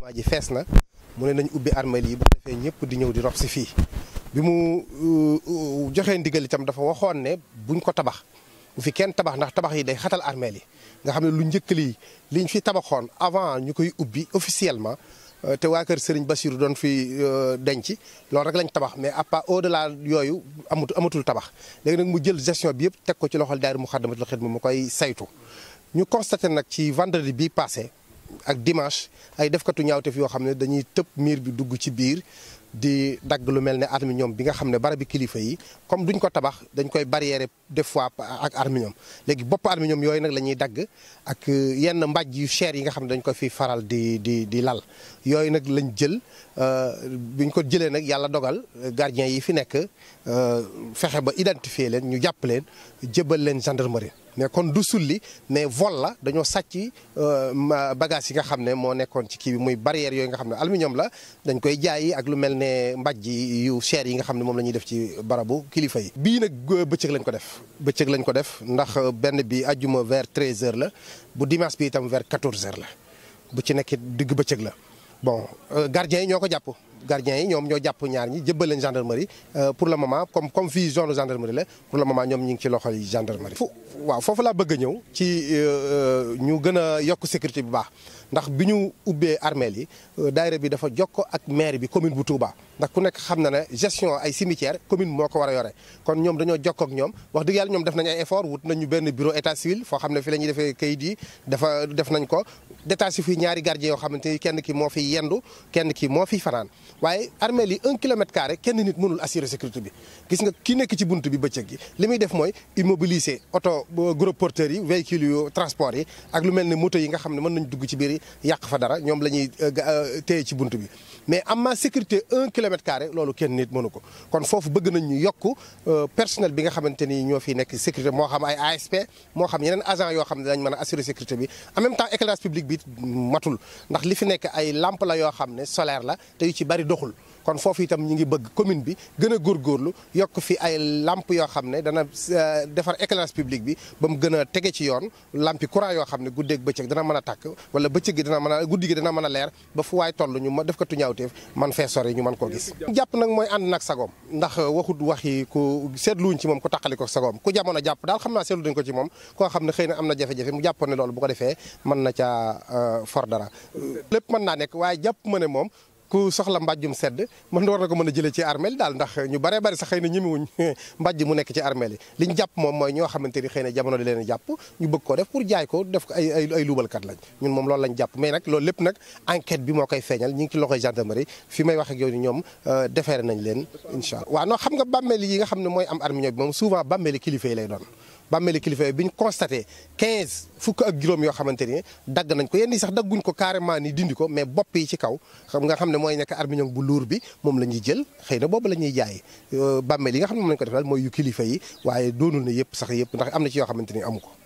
jumaa ji fees na mu ne nañ ubbi armel yi defee ñëpp di ñëw di rob si fii bi mu uh, uh, joxee ndigal itam dafa waxoon ne buñ ko tabax bu fi kenn tabax ndax tabax yi day xatal armel yi nga xam ne lu njëkk lii liñ fi tabaxoon avant ñu koy ubbi officiellement uh, te waa kër Serigne Bassirou doon fi denc loolu rek lañ tabax mais à part au delà yooyu amatu amatul tabax léegi nag mu jël gestion bi yëpp teg ko ci loxol daayira Muxaddamatul Xidma mu koy saytu ñu constaté nag ci vendredi bi passé ak dimanche ay defkatu ñaawteef yoo xam ne dañuy tëb miir bi dugg ci biir di dagg lu mel ne arminium bi nga xam ne barabi kilifa yi comme duñ ko tabax dañ koy barrière des fois ak arminium léegi bopp arminium yooyu nag lañuy dagg ak yenn mbàjj yu cher yi nga xam ne dañ ko fi faral di di di lal yooyu nag lañ jël euh, buñ ko jëlee nag yàlla dogal gardien yi fi nekk euh, fexe ba identifier leen ñu jàpp leen jëbal leen gendarmerie mais kon du sulli mais vol la dañoo sàcc euh, bagage yi nga xam ne moo nekkoon ci kii bi muy barrière yooyu nga xam ne aluminium la dañ koy jaayi ak lu mel ne mbàjj yu cher yi nga xam ne moom la ñuy def ci barabu kilifa yi. bii nag euh, bëccëg lañ ko def bëccëg lañ ko def ndax euh, benn bi ajjuma vers 13h la bu dimanche bi itam vers 14h la bu ci nekk digg bëccëg la bon gardien yi ñoo ko jàpp. gardien yi ñoom ñoo jàpp ñaar ñi jëbbal leen gendarmerie euh, pour le moment comme comme fii zone gendarmerie la pour le moment ñoom ñu ngi ci loxol yi gendarmerie. fu waaw foofu laa bëgg a ñëw ci euh, euh, ñu gën a yokk sécurité bu baax ndax bi ñu ubbee armeel yi daayira bi dafa jokk ak maire bi commune bu Touba. ndax ku nekk xam na ne gestion ay cimetière commune moo ko war a yore kon ñoom dañoo jokk ak ñoom wax dëgg yàlla ñoom def nañ ay effort wut nañu benn bureau état civil foo xam ne fi la ñuy defee kayit yi dafa def nañ ko détaché fi ñaari gardien yoo xamante ni kenn ki moo fi yendu kenn ki moo fi fanaan waaye armeel yi un kilomètre carré kenn nit mënul assurer sécurité bi gis nga ki nekk ci bunt bi bëccëg gi li muy def mooy immobiliser oto gros porteurs yi véhicules yu transport yi ak lu mel ni moto yi nga xam ne mën nañ dugg ci biir yàq fa dara ñoom la ñuy euh, euh, téye ci bunt bi mais am na sécurité un kilomètre carré loolu kenn nit mënu ko kon foofu bëgg nañ ñu yokk euh, personnel bi nga xamante ni ñoo fi nekk sécurité moo xam ay ASP moo xam yeneen agent yoo xam ne dañ mën a assurer sécurité bi en même temps éclairage public bi matul ndax li fi nekk ay lampe yoo xam ne solaire la te ci bari doxul kon foofu itam ñi ngi bëgg commune bi gën a góorgóorlu yokk fi ay lamp yoo xam ne dana euh, defar éclairage public bi ba mu gën a tege ci yoon lampi courant yoo xam ne guddeeg bëccëg dana mën a tàkk wala bëccëg gi dana mën a guddi gi dana mën a leer ba fu waay toll ñu def ko tuñaawteef man fee sori ñu mën koo gis jàpp nag mooy ànd nag sagoom ndax waxut waxi ku seetluwuñ ci moom ku taqali ko sagoom ku jamono jàpp daal xam naa seetlu dañ ko ci moom koo xam ne xëy na am na jafe-jafe mu jàppoon ne loolu bu ko na caa euh, for dara lépp nekk waaye jàpp ma ne moom ku soxla mbàjjum sedd man mën war na ko mën a jëlee ci armeel daal ndax ñu bare bari sax xëy na ñemewuñ mbàjj mu nekk ci armeel yi li ñu jàpp moom mooy ñoo xamante ni xëy na jamono di leen jàpp ñu bëgg ko def pour jaay ko def ko ay ay luubalkat lañ ñun moom loolu lañ jàpp mais nag loolu lépp nag enquête bi moo koy feeñal ñu ngi ci loxoy gendarmerie fi may wax ak yow ni ñoom euh, defeere nañ leen incha allah waaw non xam nga bàmmeel yi nga xam ne mooy am armée bi moom souvent bàmmeeli kilifa lay doon bàmmeeli kilifa yi bi ñu constaté 15 fukk ak juróom yoo xamante ni dagg nañ ko yenn yi sax dagguñ ko carrément ni dindi ko mais bopp yi ci kaw xam nga xam ne mooy nekk armignon bu luur bi moom la ñuy jël xëy na boobu la ñuy jaay euh, bàmmeel yi nga xam ne moom lañ ko def daal mooy yu kilifa yi waaye doonul ne yëpp sax yëpp ndax am na ci yoo xamante ni amu ko